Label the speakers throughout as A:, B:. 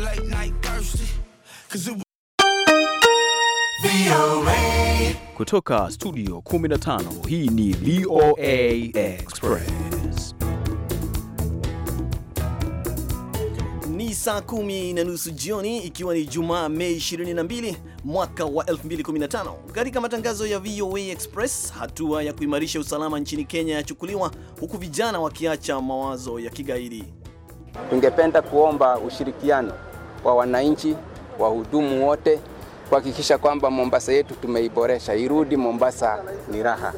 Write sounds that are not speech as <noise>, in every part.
A: late night thirsty. Cause it
B: kutoka studio 15 hii ni VOA Express. Ni saa kumi na nusu jioni ikiwa ni Jumaa Mei 22 mwaka wa 2015. Katika matangazo ya VOA Express, hatua ya kuimarisha usalama nchini Kenya yachukuliwa huku vijana wakiacha mawazo ya kigaidi.
C: Tungependa kuomba ushirikiano kwa wananchi, wahudumu wote kuhakikisha kwamba Mombasa yetu tumeiboresha, irudi Mombasa ni raha.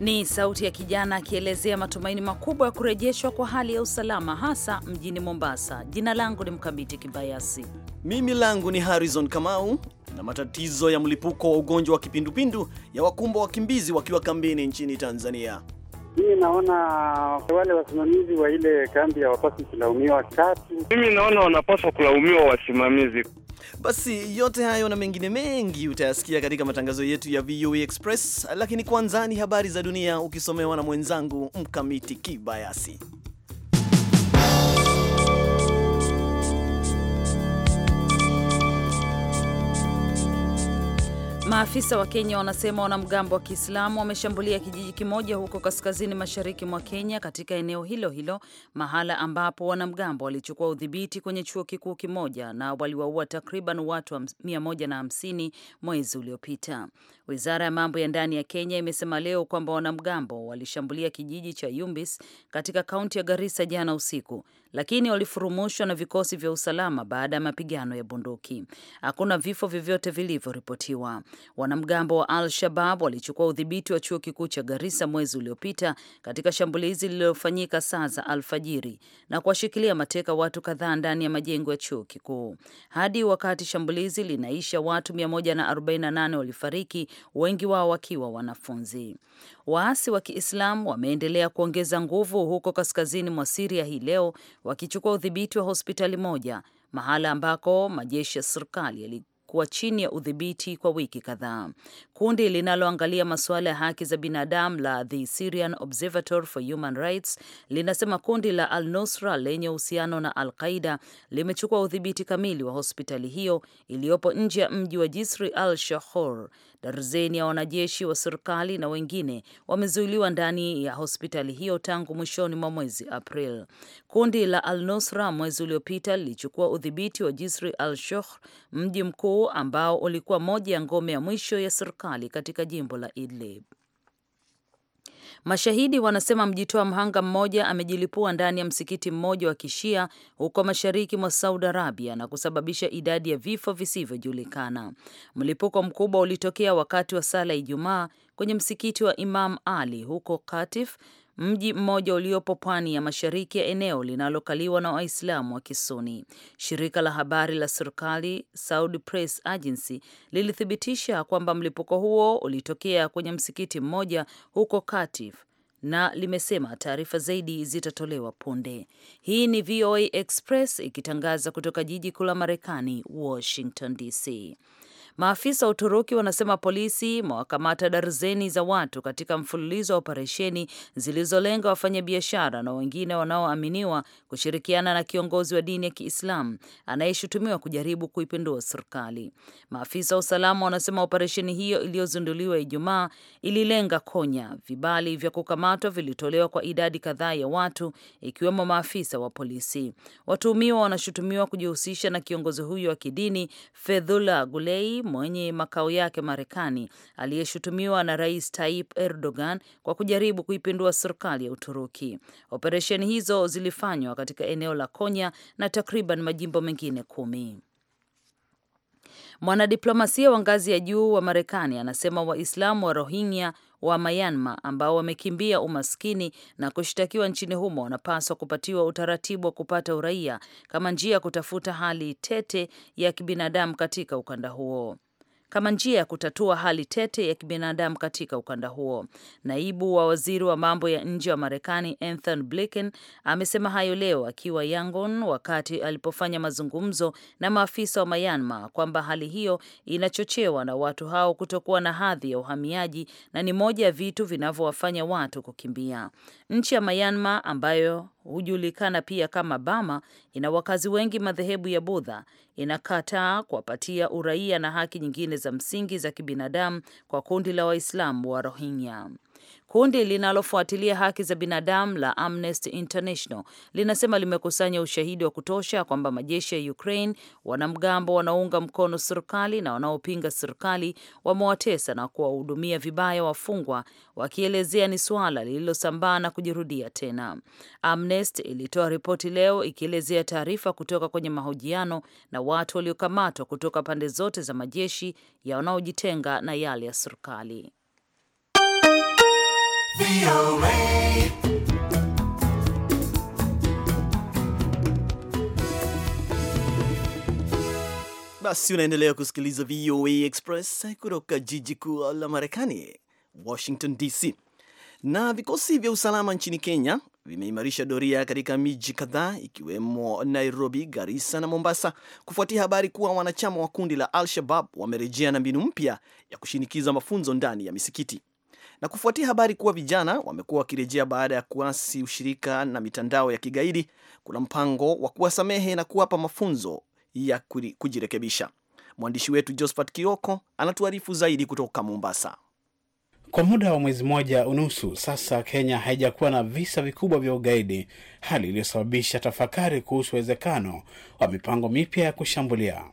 D: Ni sauti ya kijana akielezea matumaini makubwa ya kurejeshwa kwa hali ya usalama hasa mjini Mombasa. Jina langu ni Mkamiti Kibayasi.
B: Mimi langu ni Harrison Kamau. Na matatizo ya mlipuko wa ugonjwa wa kipindupindu ya wakumba wakimbizi wakiwa kambini nchini Tanzania.
E: Mimi naona wale wasimamizi wa ile kambi hawapaswi kulaumiwa katu. Mimi
F: naona wanapaswa kulaumiwa wasimamizi.
B: Basi yote hayo na mengine mengi utayasikia katika matangazo yetu ya VOA e Express, lakini kwanza ni habari za dunia ukisomewa na mwenzangu Mkamiti Kibayasi.
D: Maafisa wa Kenya wanasema wanamgambo wa Kiislamu wameshambulia kijiji kimoja huko kaskazini mashariki mwa Kenya, katika eneo hilo hilo mahala ambapo wanamgambo walichukua udhibiti kwenye chuo kikuu kimoja na waliwaua takriban watu 150 mwezi uliopita. Wizara ya mambo ya ndani ya Kenya imesema leo kwamba wanamgambo walishambulia kijiji cha Yumbis katika kaunti ya Garissa jana usiku, lakini walifurumushwa na vikosi vya usalama baada ya mapigano ya bunduki. Hakuna vifo vyovyote vilivyoripotiwa. Wanamgambo wa Al Shabab walichukua udhibiti wa chuo kikuu cha Garissa mwezi uliopita katika shambulizi lililofanyika saa za alfajiri na kuwashikilia mateka watu kadhaa ndani ya majengo ya chuo kikuu. Hadi wakati shambulizi linaisha, watu 148 walifariki wengi wao wakiwa wanafunzi. Waasi wa Kiislamu wameendelea kuongeza nguvu huko kaskazini mwa Siria hii leo, wakichukua udhibiti wa hospitali moja, mahala ambako majeshi ya serikali yali kuwa chini ya udhibiti kwa wiki kadhaa. Kundi linaloangalia masuala ya haki za binadamu la The Syrian Observatory for Human Rights linasema kundi la Al-Nusra lenye uhusiano na Al-Qaida limechukua udhibiti kamili wa hospitali hiyo iliyopo nje ya mji wa Jisri al-Shahor Darzeni ya wanajeshi wa serikali na wengine wamezuiliwa ndani ya hospitali hiyo tangu mwishoni mwa mwezi April. Kundi la Al-Nusra mwezi uliopita lilichukua udhibiti wa Jisri al-Shokh, mji mkuu ambao ulikuwa moja ya ngome ya mwisho ya serikali katika jimbo la Idlib. Mashahidi wanasema mjitoa mhanga mmoja amejilipua ndani ya msikiti mmoja wa kishia huko mashariki mwa Saudi Arabia na kusababisha idadi ya vifo visivyojulikana. Mlipuko mkubwa ulitokea wakati wa sala ya Ijumaa kwenye msikiti wa Imam Ali huko Katif mji mmoja uliopo pwani ya mashariki ya eneo linalokaliwa na Waislamu wa Kisuni. Shirika la habari la serikali Saudi Press Agency lilithibitisha kwamba mlipuko huo ulitokea kwenye msikiti mmoja huko Katif na limesema taarifa zaidi zitatolewa punde. Hii ni VOA Express ikitangaza kutoka jiji kuu la Marekani, Washington DC. Maafisa wa Uturuki wanasema polisi mewakamata darzeni za watu katika mfululizo wa operesheni zilizolenga wafanyabiashara na wengine wanaoaminiwa kushirikiana na kiongozi wa dini ya Kiislamu anayeshutumiwa kujaribu kuipindua serikali. Maafisa wa usalama wanasema operesheni hiyo iliyozinduliwa Ijumaa ililenga Konya. Vibali vya kukamatwa vilitolewa kwa idadi kadhaa ya watu, ikiwemo maafisa wa polisi. Watuhumiwa wanashutumiwa kujihusisha na kiongozi huyo wa kidini Fedhula Gulei mwenye makao yake Marekani aliyeshutumiwa na Rais Tayyip Erdogan kwa kujaribu kuipindua serikali ya Uturuki. Operesheni hizo zilifanywa katika eneo la Konya na takriban majimbo mengine kumi. Mwanadiplomasia wa ngazi ya juu wa Marekani anasema Waislamu wa Rohingya wa Myanmar ambao wamekimbia umaskini na kushtakiwa nchini humo wanapaswa kupatiwa utaratibu wa kupata uraia kama njia ya kutafuta hali tete ya kibinadamu katika ukanda huo kama njia ya kutatua hali tete ya kibinadamu katika ukanda huo. Naibu wa waziri wa mambo ya nje wa Marekani Anthony Blinken amesema hayo leo akiwa Yangon wakati alipofanya mazungumzo na maafisa wa Myanmar kwamba hali hiyo inachochewa na watu hao kutokuwa na hadhi ya uhamiaji na ni moja ya vitu vinavyowafanya watu kukimbia. Nchi ya Myanmar ambayo hujulikana pia kama Bama ina wakazi wengi madhehebu ya Budha inakataa kuwapatia uraia na haki nyingine za msingi za kibinadamu kwa kundi la Waislamu wa Rohingya. Kundi linalofuatilia haki za binadamu la Amnesty International linasema limekusanya ushahidi wa kutosha kwamba majeshi ya Ukraine, wanamgambo wanaounga mkono serikali na wanaopinga serikali wamewatesa na kuwahudumia vibaya wafungwa, wakielezea ni suala lililosambaa na kujirudia tena. Amnesty ilitoa ripoti leo ikielezea taarifa kutoka kwenye mahojiano na watu waliokamatwa kutoka pande zote za majeshi ya wanaojitenga na yale ya serikali.
B: Basi unaendelea kusikiliza VOA Express kutoka jiji kuu la Marekani, Washington DC. Na vikosi vya usalama nchini Kenya vimeimarisha doria katika miji kadhaa ikiwemo Nairobi, Garissa na Mombasa kufuatia habari kuwa wanachama wa kundi la Al-Shabab wamerejea na mbinu mpya ya kushinikiza mafunzo ndani ya misikiti. Na kufuatia habari kuwa vijana wamekuwa wakirejea baada ya kuasi ushirika na mitandao ya kigaidi, kuna mpango wa kuwasamehe na kuwapa mafunzo ya kujirekebisha. Mwandishi wetu Josphat Kioko anatuarifu zaidi kutoka Mombasa.
G: Kwa muda wa mwezi mmoja unusu sasa, Kenya haijakuwa na visa vikubwa vya ugaidi, hali iliyosababisha tafakari kuhusu uwezekano wa mipango mipya ya kushambulia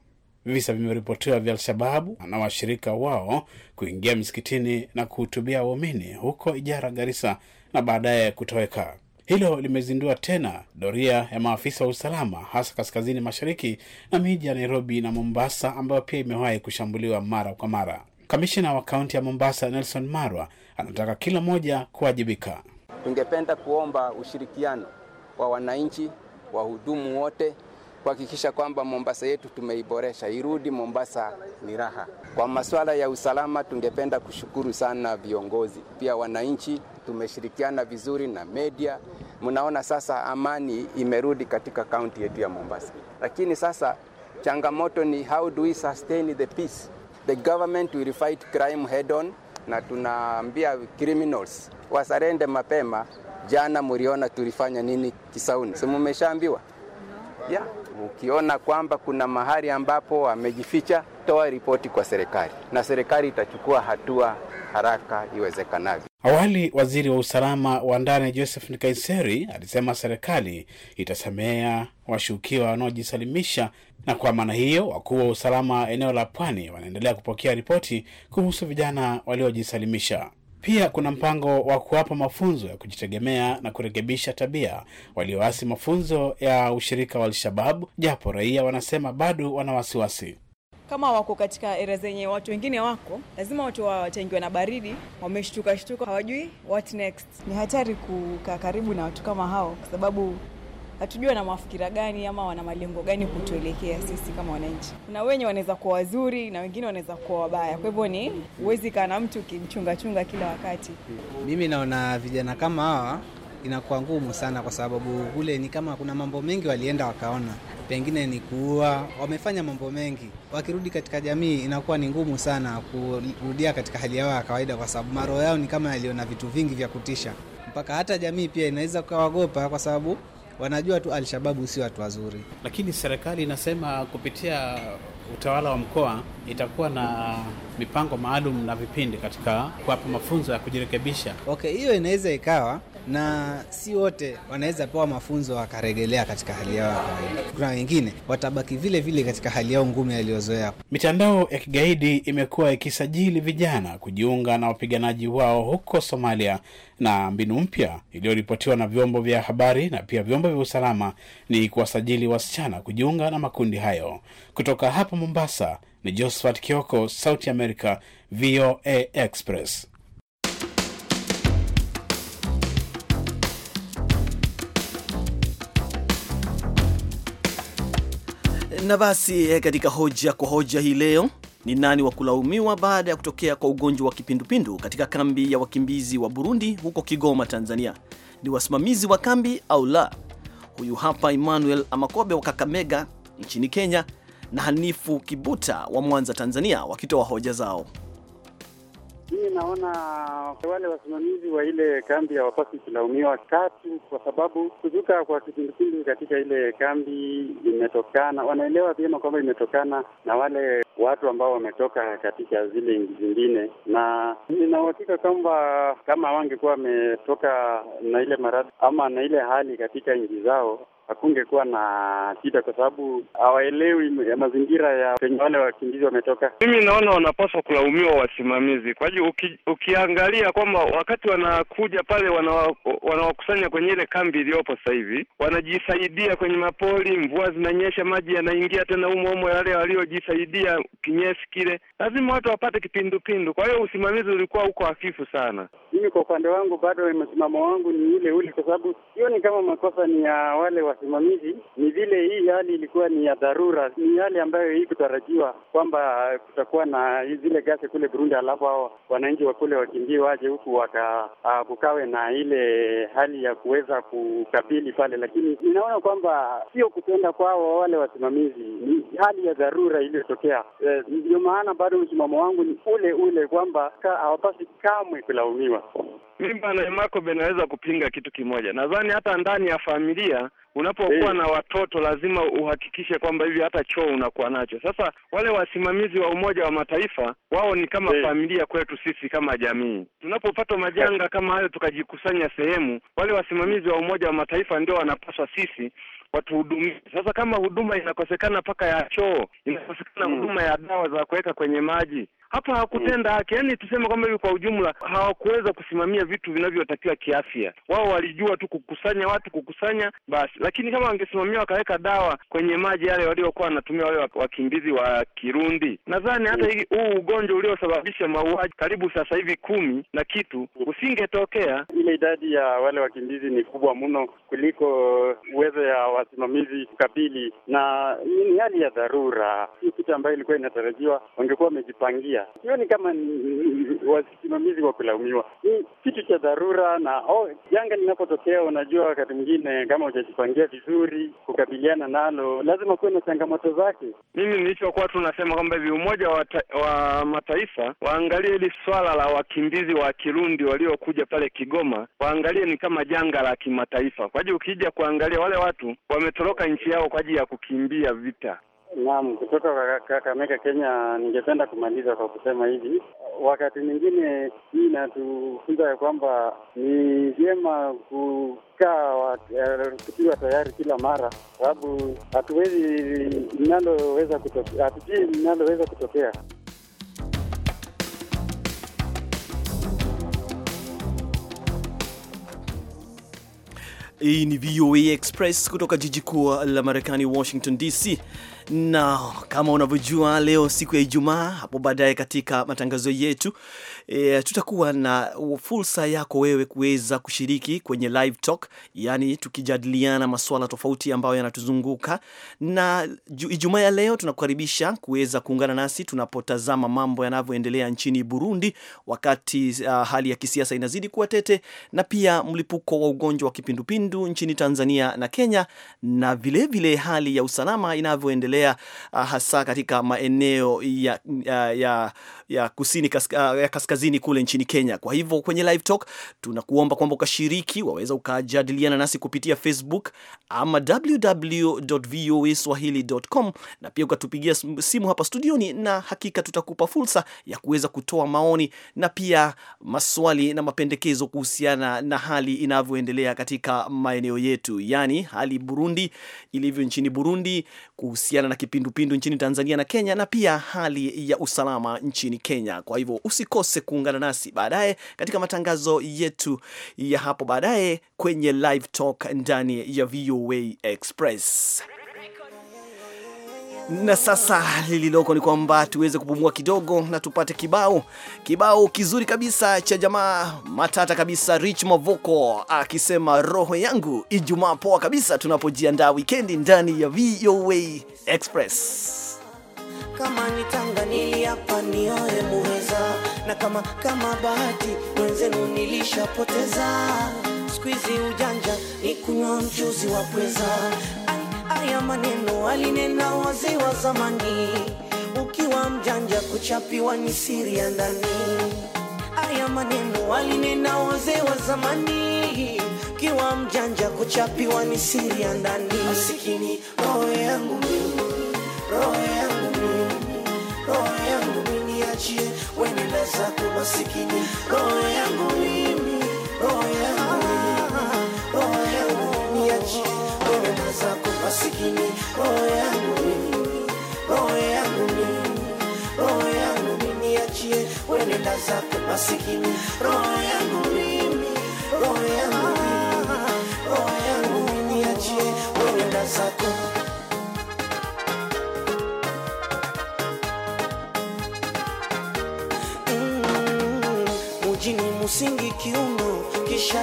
G: visa vimeripotiwa vya Alshababu na washirika wao kuingia misikitini na kuhutubia waumini huko Ijara, garisa na baadaye kutoweka. Hilo limezindua tena doria ya maafisa wa usalama hasa kaskazini mashariki na miji ya Nairobi na Mombasa ambayo pia imewahi kushambuliwa mara kwa mara. Kamishina wa kaunti ya Mombasa Nelson Marwa anataka kila mmoja kuwajibika.
C: Tungependa kuomba ushirikiano wa wananchi, wahudumu wote kuhakikisha kwamba Mombasa yetu tumeiboresha, irudi Mombasa ni raha. Kwa masuala ya usalama, tungependa kushukuru sana viongozi, pia wananchi, tumeshirikiana vizuri na media. Mnaona sasa amani imerudi katika kaunti yetu ya Mombasa, lakini sasa changamoto ni how do we sustain the peace. The government will fight crime head on, na tunaambia criminals wasarende mapema. Jana mliona tulifanya nini Kisauni, si mmeshaambiwa? yeah. Ukiona kwamba kuna mahali ambapo wamejificha, toa ripoti kwa serikali na serikali itachukua hatua haraka iwezekanavyo.
G: Awali waziri wa usalama wa ndani Joseph Nkaiseri alisema serikali itasamea washukiwa wanaojisalimisha, na kwa maana hiyo wakuu wa usalama eneo la pwani wanaendelea kupokea ripoti kuhusu vijana waliojisalimisha. Pia kuna mpango wa kuwapa mafunzo ya kujitegemea na kurekebisha tabia walioasi mafunzo ya ushirika wa Alshababu, japo raia wanasema bado wana wasiwasi
C: kama wako katika era zenye watu wengine wako, lazima watu wataingiwa na baridi, wameshtuka shtuka, hawajui what next. Ni hatari kukaa karibu na watu kama hao, kwa sababu hatujui wana mafikira gani ama wana malengo gani kutuelekea sisi kama wananchi. Kuna wenye wanaweza kuwa wazuri na wengine wanaweza kuwa wabaya, kwa hivyo ni huwezi kaa na mtu ukimchungachunga kila wakati. Mimi naona vijana kama hawa inakuwa ngumu sana, kwa sababu kule ni kama kuna mambo mengi walienda wakaona, pengine ni kuua, wamefanya mambo mengi. Wakirudi katika jamii inakuwa ni ngumu sana kurudia katika hali yao ya kawaida, kwa sababu maroho yao ni kama yaliona vitu vingi vya kutisha, mpaka hata jamii pia inaweza ukawaogopa, kwa sababu wanajua tu Alshababu si watu wazuri.
G: Lakini serikali inasema kupitia utawala wa mkoa itakuwa na mipango maalum na vipindi katika kuwapa mafunzo ya kujirekebisha.
C: Okay, hiyo inaweza ikawa na si wote wanaweza pewa mafunzo wakaregelea
G: katika hali yao ya kawaida. Kuna wengine watabaki vile vile katika hali yao ngumu yaliyozoea. Mitandao ya kigaidi imekuwa ikisajili vijana kujiunga na wapiganaji wao huko Somalia, na mbinu mpya iliyoripotiwa na vyombo vya habari na pia vyombo vya usalama ni kuwasajili wasichana kujiunga na makundi hayo. Kutoka hapa Mombasa ni Josephat Kioko, Sauti America, VOA Express.
B: Na basi eh, katika hoja kwa hoja hii leo ni nani wa kulaumiwa baada ya kutokea kwa ugonjwa wa kipindupindu katika kambi ya wakimbizi wa Burundi huko Kigoma, Tanzania? Ni wasimamizi wa kambi au la? Huyu hapa Emmanuel Amakobe wa Kakamega nchini Kenya na Hanifu Kibuta wa Mwanza, Tanzania, wakitoa hoja zao.
E: Mimi naona wale wasimamizi wa ile kambi wafasi kilaumiwa katu, kwa sababu kuzuka kwa kipindupindu katika ile kambi imetokana, wanaelewa vyema kwamba imetokana na wale watu ambao wametoka katika zile nchi zingine, na nina uhakika kwamba kama wangekuwa wametoka na ile maradhi ama na ile hali katika nchi zao, hakungekuwa na shida, kwa sababu hawaelewi ya mazingira ya penye wale wakimbizi wametoka. Mimi naona
F: wanapaswa kulaumiwa wasimamizi, kwa hiyo uki, ukiangalia kwamba wakati wanakuja pale wanawakusanya wana kwenye ile kambi iliyopo sasa hivi, wanajisaidia kwenye mapori, mvua zinanyesha, maji yanaingia tena umo umo, wale waliojisaidia kinyesi kile, lazima watu wapate kipindupindu. Kwa hiyo usimamizi ulikuwa uko hafifu sana.
E: Mimi kwa upande wangu, bado msimamo wangu ni ule ule, kwa sababu hiyo ni kama makosa ni ya wale wa wasimamizi ni vile hii hali ilikuwa ni ya dharura, ni hali ambayo hii kutarajiwa kwamba eh, kutakuwa na zile gasi kule Burundi, alafu hao wananchi wa kule wakimbie waje huku wakakukawe ah, na ile hali ya kuweza kukabili pale, lakini ninaona kwamba sio kutenda kwao wale wasimamizi, ni hali ya dharura iliyotokea. E, maana bado msimamo wangu ni ule ule kwamba hawapasi kamwe kulaumiwa.
F: Mimi na Emako benaweza kupinga kitu kimoja, nadhani hata ndani ya familia unapokuwa e, na watoto lazima uhakikishe kwamba hivi hata choo unakuwa nacho. Sasa wale wasimamizi wa Umoja wa Mataifa wao ni kama e, familia kwetu sisi kama jamii. Tunapopata majanga kama hayo tukajikusanya sehemu, wale wasimamizi wa Umoja wa Mataifa ndio wanapaswa sisi watuhudumie. Sasa kama huduma inakosekana mpaka ya choo, inakosekana hmm. huduma ya dawa za kuweka kwenye maji, hapa hakutenda mm. haki. Yani tuseme kwamba hivi kwa ujumla hawakuweza kusimamia vitu vinavyotakiwa kiafya. Wao walijua tu kukusanya watu, kukusanya basi, lakini kama wangesimamia wakaweka dawa kwenye maji yale waliokuwa wanatumia wale wakimbizi wa Kirundi, nadhani
E: hata mm. huu ugonjwa
F: uliosababisha mauaji karibu sasa hivi kumi na kitu mm. usingetokea.
E: Ile idadi ya wale wakimbizi ni kubwa mno kuliko uwezo ya wasimamizi kukabili, na ni hali ya dharura, hii kitu ambayo ilikuwa inatarajiwa. Wangekuwa wamejipangia moja. ni kama ni wasimamizi wa kulaumiwa, ni kitu cha dharura na oh, janga linapotokea, unajua wakati mwingine kama hujajipangia vizuri kukabiliana nalo, lazima kuwe na changamoto zake.
F: Mimi nilichokuwa tunasema kwamba hivi Umoja wa, wa Mataifa waangalie hili swala la wakimbizi wa Kirundi waliokuja pale Kigoma, waangalie ni kama janga la kimataifa, kwa ajili ukija kuangalia wale watu wametoroka nchi yao kwa ajili ya kukimbia
E: vita Naam, kutoka Kakamega, Kenya. Ningependa kumaliza kwa kusema hivi, wakati mwingine hii inatufunza ya kwamba ni vyema kukaa tukiwa eh, tayari kila mara, sababu hatuwezi linaloweza kutokea, hatujui linaloweza kutokea.
B: Hii ni VOA Express kutoka jiji kuu la Marekani, Washington DC na kama unavyojua leo siku ya Ijumaa, hapo baadaye katika matangazo yetu e, tutakuwa na fursa yako wewe kuweza kushiriki kwenye live talk, yani tukijadiliana masuala tofauti ambayo yanatuzunguka. Na Ijumaa ya leo tunakukaribisha kuweza kuungana nasi tunapotazama mambo yanavyoendelea nchini Burundi wakati uh, hali ya kisiasa inazidi kuwa tete, na pia mlipuko wa ugonjwa wa kipindupindu nchini Tanzania na Kenya, na vilevile vile hali ya usalama inavyoendelea uh, hasa katika maeneo ya, uh, ya, ya ya kusini kaska, ah, ya kaskazini kule nchini Kenya. Kwa hivyo kwenye live talk tunakuomba kwamba ukashiriki, waweza ukajadiliana nasi kupitia Facebook ama www.voaswahili.com na pia ukatupigia simu hapa studioni, na hakika tutakupa fursa ya kuweza kutoa maoni na pia maswali na mapendekezo kuhusiana na hali inavyoendelea katika maeneo yetu, yaani hali Burundi ilivyo nchini Burundi kuhusiana na kipindupindu nchini Tanzania na Kenya na pia hali ya usalama nchini Kenya. Kwa hivyo usikose kuungana nasi baadaye katika matangazo yetu ya hapo baadaye kwenye live talk ndani ya VOA Express na sasa lililoko ni kwamba tuweze kupumua kidogo na tupate kibao kibao kizuri kabisa cha jamaa matata kabisa Rich Mavoko akisema roho yangu. Ijumaa poa kabisa, tunapojiandaa wikendi ndani ya VOA Express.
A: Kama ni Tanga niliapa nioe muweza, na kama kama bahati wenzenu nilishapoteza, siku hizi ujanja ni kunywa mchuzi wa pweza Haya maneno alinena wazee wa zamani, ukiwa mjanja kuchapiwa ni siri ya ndani. Haya maneno alinena wazee wa zamani, ukiwa mjanja kuchapiwa ni siri ya ndani. Masikini roho yangu mimi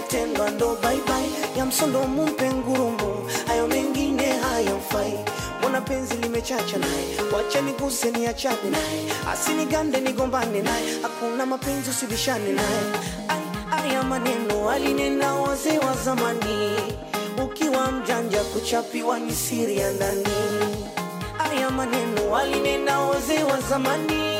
A: yatendwa ndo baibai ya msondo mumpe ngurumo, hayo mengine hayo hayamfai. Mbona penzi limechacha naye, wacha niguse niachane naye, asini gande nigombane naye, hakuna mapenzi usibishane naye. Haya maneno alinena wazee wa zamani, ukiwa mjanja kuchapiwa ni siri ya ndani. Haya maneno alinena wazee wa zamani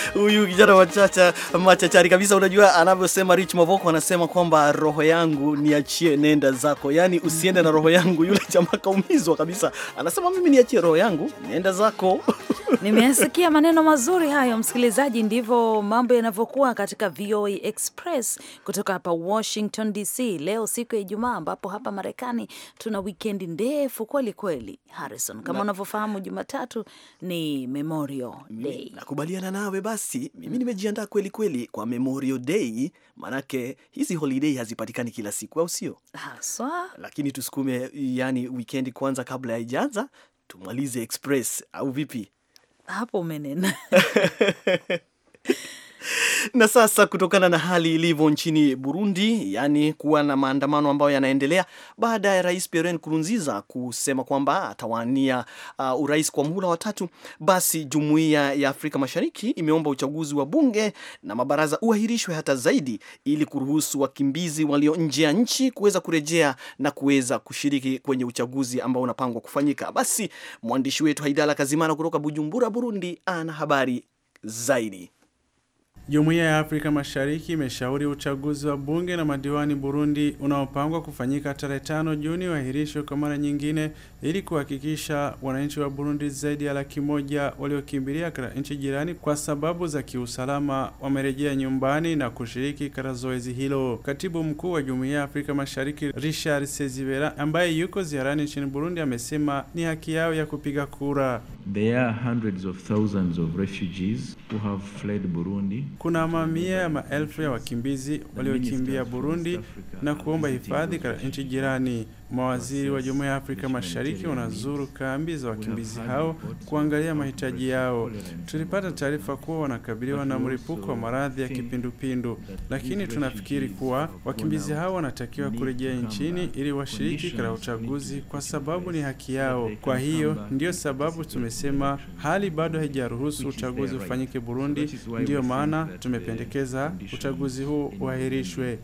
B: Huyu kijana wachacha machachari kabisa, unajua anavyosema Rich Mavoko, anasema kwamba roho yangu niachie, nenda zako, yani usiende na roho yangu. Yule jamaa kaumizwa kabisa, anasema mimi niachie roho yangu, nenda
D: zako. <laughs> Nimesikia maneno mazuri hayo, msikilizaji. Ndivyo mambo yanavyokuwa katika VOA Express kutoka hapa Washington DC, leo siku ya Ijumaa, ambapo hapa Marekani tuna wikendi ndefu kweli kweli, Harrison, kama unavyofahamu Jumatatu ni Memorial Day.
B: Nakubaliana nawe basi basi mimi nimejiandaa kweli kweli kwa Memorial Day, manake hizi holiday hazipatikani kila siku, au sio?
D: Haswa.
B: Lakini tusukume yani wikendi kwanza kabla haijaanza, tumalize express au vipi?
D: Hapo umenena. <laughs> <laughs> Na
B: sasa kutokana na hali ilivyo nchini Burundi, yaani kuwa na maandamano ambayo yanaendelea baada ya Rais Pierre Nkurunziza kusema kwamba atawania uh, urais kwa muhula wa tatu, basi Jumuiya ya Afrika Mashariki imeomba uchaguzi wa bunge na mabaraza uahirishwe hata zaidi ili kuruhusu wakimbizi walio nje ya nchi kuweza kurejea na kuweza kushiriki kwenye uchaguzi ambao unapangwa kufanyika. Basi mwandishi wetu Haidala Kazimana
H: kutoka Bujumbura, Burundi ana habari zaidi. Jumuiya ya Afrika Mashariki imeshauri uchaguzi wa bunge na madiwani Burundi unaopangwa kufanyika tarehe tano Juni uahirishwe kwa mara nyingine ili kuhakikisha wananchi wa Burundi zaidi ya laki moja waliokimbilia katika nchi jirani kwa sababu za kiusalama wamerejea nyumbani na kushiriki katika zoezi hilo. Katibu mkuu wa Jumuiya ya Afrika Mashariki Richard Sezibera ambaye yuko ziarani nchini Burundi amesema ni haki yao ya kupiga kura. There
G: are hundreds of thousands of refugees who have fled Burundi.
H: Kuna mamia ya maelfu ya wakimbizi waliokimbia Burundi na kuomba hifadhi katika nchi jirani. Mawaziri wa Jumuiya ya Afrika Mashariki wanazuru kambi za wakimbizi hao kuangalia mahitaji yao. Tulipata taarifa kuwa wanakabiliwa na mlipuko wa maradhi ya kipindupindu, lakini tunafikiri kuwa wakimbizi hao wanatakiwa kurejea nchini ili washiriki katika uchaguzi kwa sababu ni haki yao. Kwa hiyo ndiyo sababu tumesema hali bado haijaruhusu uchaguzi ufanyike Burundi, ndiyo maana tumependekeza uchaguzi huu uahirishwe.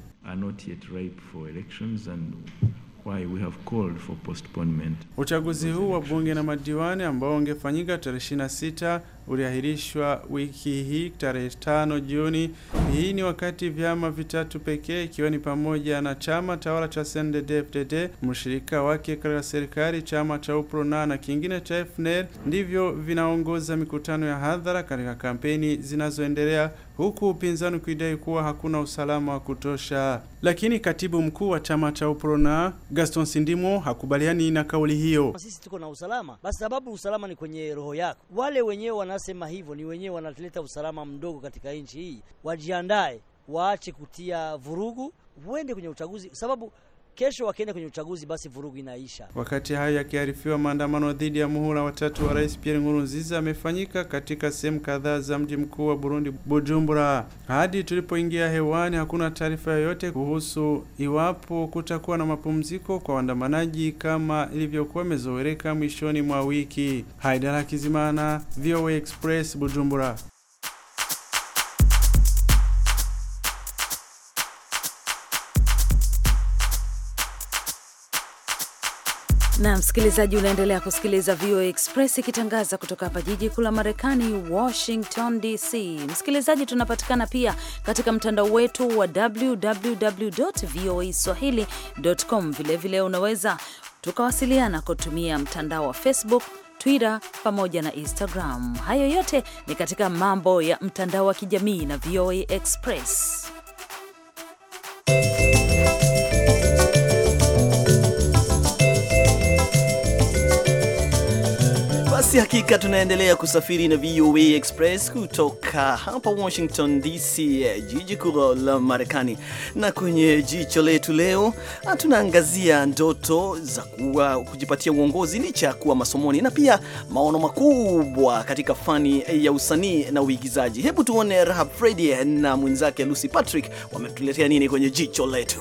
H: Uchaguzi huu wa bunge na madiwani ambao ungefanyika tarehe 26 uliahirishwa wiki hii tarehe tano Juni. Hii ni wakati vyama vitatu pekee ikiwa ni pamoja na chama tawala cha CNDD-FDD, mshirika wake katika serikali chama cha UPRONA na kingine cha FNL ndivyo vinaongoza mikutano ya hadhara katika kampeni zinazoendelea huku upinzani ukidai kuwa hakuna usalama wa kutosha. Lakini katibu mkuu wa chama cha UPRONA Gaston Sindimo hakubaliani na kauli hiyo.
D: Sisi tuko na usalama, basi sababu usalama ni kwenye roho yako. Wale wenyewe wana wanasema hivyo ni wenyewe wanaleta usalama mdogo katika nchi hii. Wajiandae, waache kutia vurugu, huende kwenye uchaguzi, sababu kesho wakienda kwenye uchaguzi, basi vurugu inaisha.
H: Wakati hayo yakiarifiwa, maandamano dhidi ya muhula watatu wa Rais Pierre Nkurunziza amefanyika katika sehemu kadhaa za mji mkuu wa Burundi, Bujumbura. Hadi tulipoingia hewani, hakuna taarifa yoyote kuhusu iwapo kutakuwa na mapumziko kwa waandamanaji kama ilivyokuwa imezoeleka mwishoni mwa wiki. Haidara Kizimana, VOA Express, Bujumbura.
D: na msikilizaji, unaendelea kusikiliza VOA Express ikitangaza kutoka hapa jiji kuu la Marekani, Washington DC. Msikilizaji, tunapatikana pia katika mtandao wetu wa www voa swahili.com. Vilevile unaweza tukawasiliana kutumia mtandao wa Facebook, Twitter pamoja na Instagram. Hayo yote ni katika mambo ya mtandao wa kijamii na VOA Express.
B: Basi hakika tunaendelea kusafiri na VOA Express kutoka hapa Washington DC, eh, jiji kuu la Marekani. Na kwenye jicho letu leo ah, tunaangazia ndoto za kuwa kujipatia uongozi licha ya kuwa masomoni na pia maono makubwa katika fani ya usanii na uigizaji. Hebu tuone Rahab fredi na mwenzake Lucy Patrick wametuletea nini kwenye jicho letu.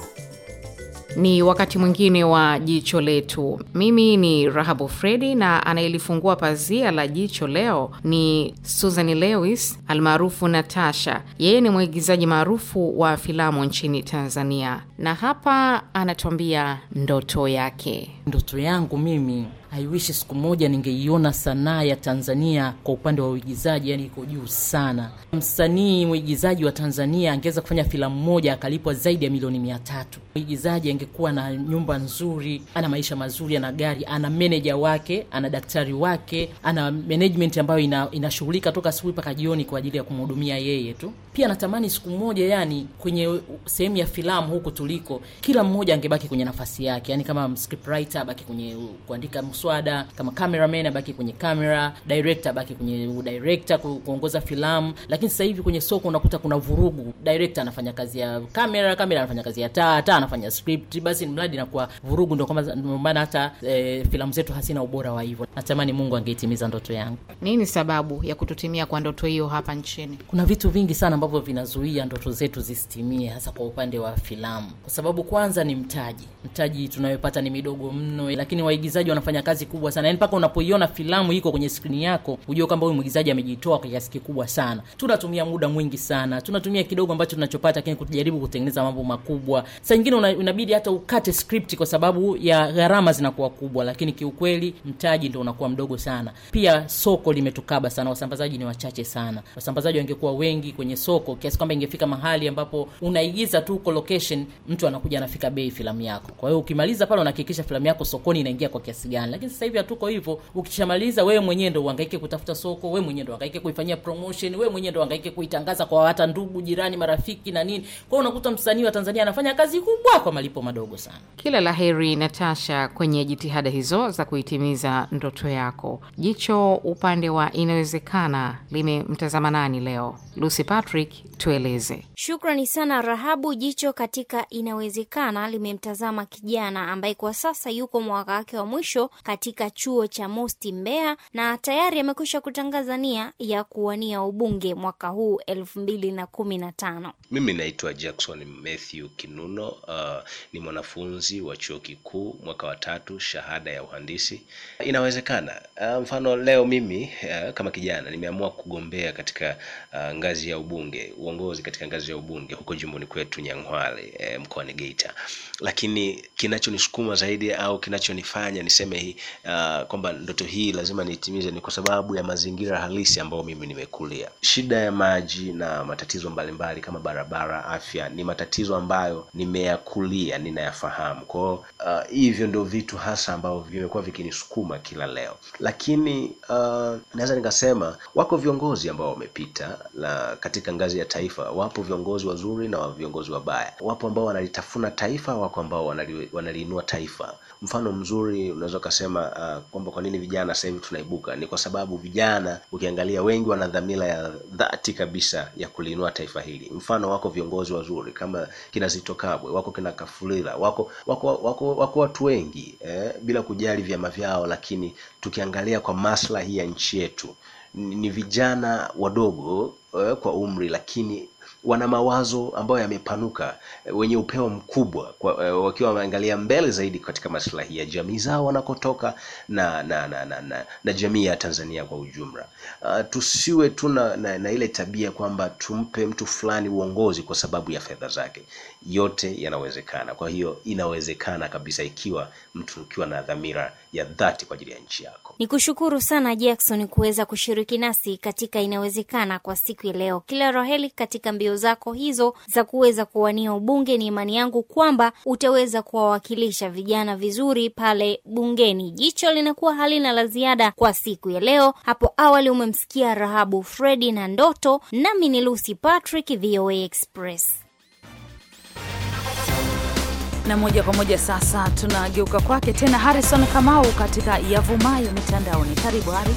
I: Ni wakati mwingine wa jicho letu. Mimi ni Rahabu Fredi na anayelifungua pazia la jicho leo ni Susan Lewis almaarufu Natasha. Yeye ni mwigizaji maarufu wa filamu nchini Tanzania, na hapa anatuambia ndoto yake. Ndoto yangu mimi haiwishi siku moja ningeiona sanaa ya Tanzania kwa upande wa uigizaji, yani iko juu sana. Msanii mwigizaji wa Tanzania angeweza kufanya filamu moja akalipwa zaidi ya milioni mia tatu. Mwigizaji angekuwa na nyumba nzuri, ana maisha mazuri, ana gari, ana meneja wake, ana daktari wake, ana management ambayo inashughulika ina, toka asubuhi mpaka jioni kwa ajili ya kumhudumia yeye tu. Pia natamani siku moja, yani kwenye sehemu ya filamu huku tuliko, kila mmoja angebaki kwenye nafasi yake, yani kama scriptwriter abaki kwenye kuandika msu maswada kama cameraman abaki kwenye kamera, director abaki kwenye udirector, kuongoza filamu. Lakini sasa hivi kwenye soko unakuta kuna vurugu, director anafanya kazi ya kamera, kamera anafanya kazi ya taa, taa anafanya script, basi mradi inakuwa vurugu. Ndio maana hata e, filamu zetu hasina ubora wa hivyo. Natamani Mungu angeitimiza ndoto yangu. Nini sababu ya kututimia kwa ndoto hiyo hapa nchini? Kuna vitu vingi sana ambavyo vinazuia ndoto zetu zisitimie, hasa kwa upande wa filamu, kwa sababu kwanza ni mtaji. Mtaji tunayopata ni midogo mno, lakini waigizaji wanafanya kazi kazi kubwa sana, yaani mpaka unapoiona filamu iko kwenye skrini yako ujue kwamba huyu mwigizaji amejitoa kwa kiasi kikubwa sana. Tunatumia muda mwingi sana, tunatumia kidogo ambacho tunachopata, lakini kujaribu kutengeneza mambo makubwa. Saa nyingine una, unabidi hata ukate script kwa sababu ya gharama zinakuwa kubwa, lakini kiukweli mtaji ndio unakuwa mdogo sana. Pia soko limetukaba sana, wasambazaji ni wachache sana. Wasambazaji wangekuwa wengi kwenye soko kiasi kwamba ingefika mahali ambapo unaigiza tu uko location, mtu anakuja anafika bei filamu yako. Kwa hiyo ukimaliza pale unahakikisha filamu yako sokoni inaingia kwa kiasi gani lakini sasa hivi hatuko hivyo. Ukishamaliza wewe mwenyewe ndo uhangaike kutafuta soko, wewe mwenyewe ndo uhangaike kuifanyia promotion, wewe mwenyewe ndo uhangaike kuitangaza kwa hata ndugu, jirani, marafiki na nini. Kwa unakuta msanii wa Tanzania anafanya kazi kubwa kwa malipo madogo sana. Kila la heri Natasha, kwenye jitihada hizo za kuitimiza ndoto yako. Jicho upande wa inawezekana limemtazama nani leo? Lucy Patrick, tueleze. Shukrani sana Rahabu. Jicho katika inawezekana limemtazama kijana ambaye kwa sasa yuko mwaka wake wa mwisho katika chuo cha Mosti Mbeya na tayari amekwisha kutangaza nia ya kuwania ubunge mwaka huu elfu mbili na kumi na tano.
J: Mimi naitwa Jackson Matthew Kinuno. Uh, ni mwanafunzi wa chuo kikuu mwaka wa tatu, shahada ya uhandisi. Inawezekana uh, mfano leo mimi uh, kama kijana nimeamua kugombea katika uh, ngazi ya ubunge, uongozi katika ngazi ya ubunge huko jimboni kwetu Nyang'hwale, mkoa uh, mkoani Geita, lakini kinachonisukuma zaidi au kinachonifanya niseme hii uh, kwamba ndoto hii lazima niitimize ni kwa sababu ya mazingira halisi ambayo mimi nimekulia. Shida ya maji na matatizo mbalimbali mbali, kama barabara, afya ni matatizo ambayo nimeyakulia, ninayafahamu. Kwa hiyo uh, hivyo ndio vitu hasa ambavyo vimekuwa vikinisukuma kila leo, lakini uh, naweza nikasema wako viongozi ambao wamepita la katika ngazi ya taifa. Wapo viongozi wazuri na viongozi wabaya, wapo ambao wanalitafuna taifa, wako ambao wanaliinua taifa. Mfano mzuri unaweza ukasema kusema uh, kwamba kwa nini vijana sasa hivi tunaibuka ni kwa sababu vijana ukiangalia wengi wana dhamira ya dhati kabisa ya kuliinua taifa hili mfano wako viongozi wazuri kama kina Zito Kabwe wako kina Kafulila wako wako wako, wako watu wengi eh, bila kujali vyama vyao lakini tukiangalia kwa maslahi ya nchi yetu ni vijana wadogo eh, kwa umri lakini wana mawazo ambayo yamepanuka, eh, wenye upeo mkubwa kwa, eh, wakiwa wameangalia mbele zaidi katika maslahi ya jamii zao wanakotoka na na, na, na, na, na jamii ya Tanzania kwa ujumla. Uh, tusiwe tu na, na, na ile tabia kwamba tumpe mtu fulani uongozi kwa sababu ya fedha zake. Yote yanawezekana. Kwa hiyo inawezekana kabisa ikiwa mtu ukiwa na dhamira ya dhati kwa ajili ya nchi yako.
I: Nikushukuru sana Jackson kuweza kushiriki nasi katika inawezekana kwa siku ya leo. Kila roheli katika mbio zako hizo za kuweza kuwania ubunge, ni imani yangu kwamba utaweza kuwawakilisha vijana vizuri pale bungeni. Jicho linakuwa halina la ziada kwa siku ya leo. Hapo awali umemsikia Rahabu Fredi na ndoto, nami ni Lucy Patrick, VOA Express
D: na moja kwa moja sasa tunageuka kwake tena Harrison Kamau katika yavumayo mitandaoni. Karibu Hari.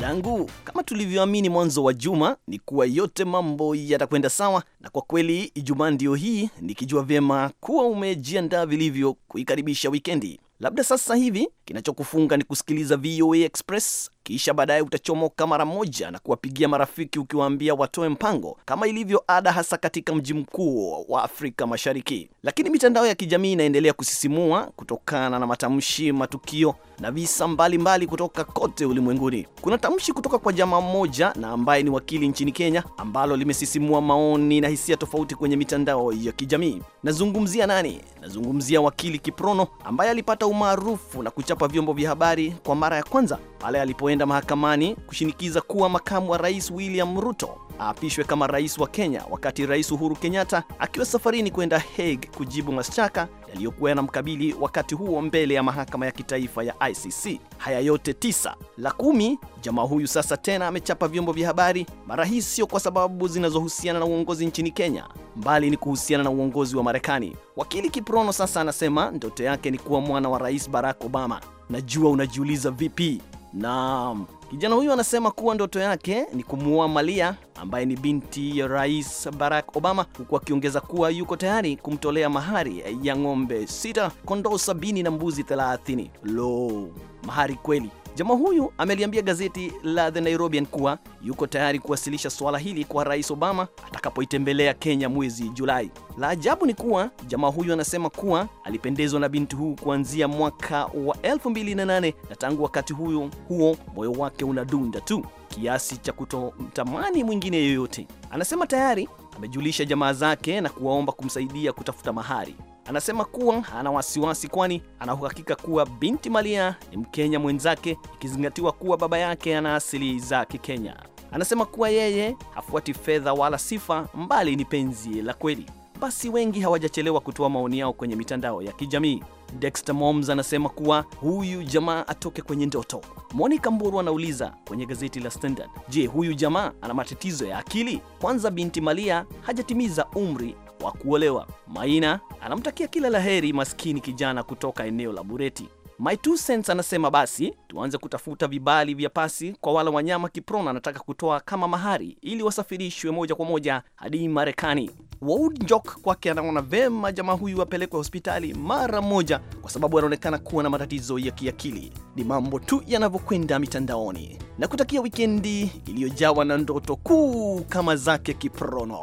B: Dadangu, kama tulivyoamini mwanzo wa juma ni kuwa yote mambo yatakwenda sawa, na kwa kweli Ijumaa ndiyo hii, nikijua vyema kuwa umejiandaa vilivyo kuikaribisha wikendi. Labda sasa hivi kinachokufunga ni kusikiliza VOA Express kisha baadaye utachomoka mara moja na kuwapigia marafiki ukiwaambia watoe mpango kama ilivyo ada, hasa katika mji mkuu wa Afrika Mashariki. Lakini mitandao ya kijamii inaendelea kusisimua kutokana na matamshi, matukio na visa mbalimbali kutoka kote ulimwenguni. Kuna tamshi kutoka kwa jamaa mmoja na ambaye ni wakili nchini Kenya ambalo limesisimua maoni na hisia tofauti kwenye mitandao ya kijamii. Nazungumzia nani? Nazungumzia wakili Kiprono ambaye alipata umaarufu na kuchapa vyombo vya habari kwa mara ya kwanza pale alipoenda mahakamani kushinikiza kuwa makamu wa rais William Ruto aapishwe kama rais wa Kenya, wakati rais Uhuru Kenyatta akiwa safarini kwenda Hague kujibu mashtaka yaliyokuwa yanamkabili wakati huo mbele ya mahakama ya kitaifa ya ICC. Haya yote tisa. La kumi, jamaa huyu sasa tena amechapa vyombo vya habari, mara hii sio kwa sababu zinazohusiana na uongozi nchini Kenya, mbali ni kuhusiana na uongozi wa Marekani. Wakili Kiprono sasa anasema ndoto yake ni kuwa mwana wa rais Barack Obama. Najua unajiuliza vipi? na kijana huyu anasema kuwa ndoto yake ni kumuoa Malia ambaye ni binti ya Rais Barack Obama, huku akiongeza kuwa yuko tayari kumtolea mahari ya ng'ombe sita, kondoo sabini na mbuzi thelathini. Lo, mahari kweli! Jamaa huyu ameliambia gazeti la The Nairobian kuwa yuko tayari kuwasilisha swala hili kwa Rais Obama atakapoitembelea Kenya mwezi Julai. La ajabu ni kuwa jamaa huyu anasema kuwa alipendezwa na binti huyu kuanzia mwaka wa 2008 na tangu wakati huyo huo moyo wake unadunda tu kiasi cha kutomtamani mwingine yoyote. Anasema tayari amejulisha jamaa zake na kuwaomba kumsaidia kutafuta mahari. Anasema kuwa ana wasiwasi, kwani ana uhakika kuwa binti Maria ni Mkenya mwenzake, ikizingatiwa kuwa baba yake ana asili za Kikenya. Anasema kuwa yeye hafuati fedha wala sifa, mbali ni penzi la kweli. Basi wengi hawajachelewa kutoa maoni yao kwenye mitandao ya kijamii. Dexter Moms anasema kuwa huyu jamaa atoke kwenye ndoto. Monica Mburu anauliza kwenye gazeti la Standard, je, huyu jamaa ana matatizo ya akili? Kwanza binti Malia hajatimiza umri wa kuolewa. Maina anamtakia kila laheri maskini kijana kutoka eneo la Bureti. My Two Cents anasema basi tuanze kutafuta vibali vya pasi kwa wale wanyama Kiprona anataka kutoa kama mahari ili wasafirishwe moja kwa moja hadi Marekani. Wood Jock kwake anaona vema jamaa huyu apelekwe hospitali mara moja kwa sababu anaonekana kuwa na matatizo ya kiakili. Ni mambo tu yanavyokwenda mitandaoni, na kutakia wikendi iliyojawa na ndoto kuu kama zake Kiprono.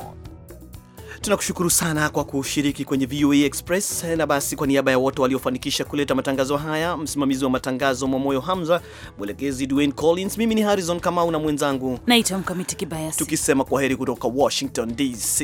B: Tunakushukuru sana kwa kushiriki kwenye VOA Express. Na basi kwa niaba ya wote waliofanikisha kuleta matangazo haya, msimamizi wa matangazo Mwamoyo Hamza, mwelekezi Dwayne Collins, mimi ni Harrison Kamau na mwenzangu
D: naitwa Mkamiti Kibayasi,
B: tukisema kwa heri kutoka Washington DC.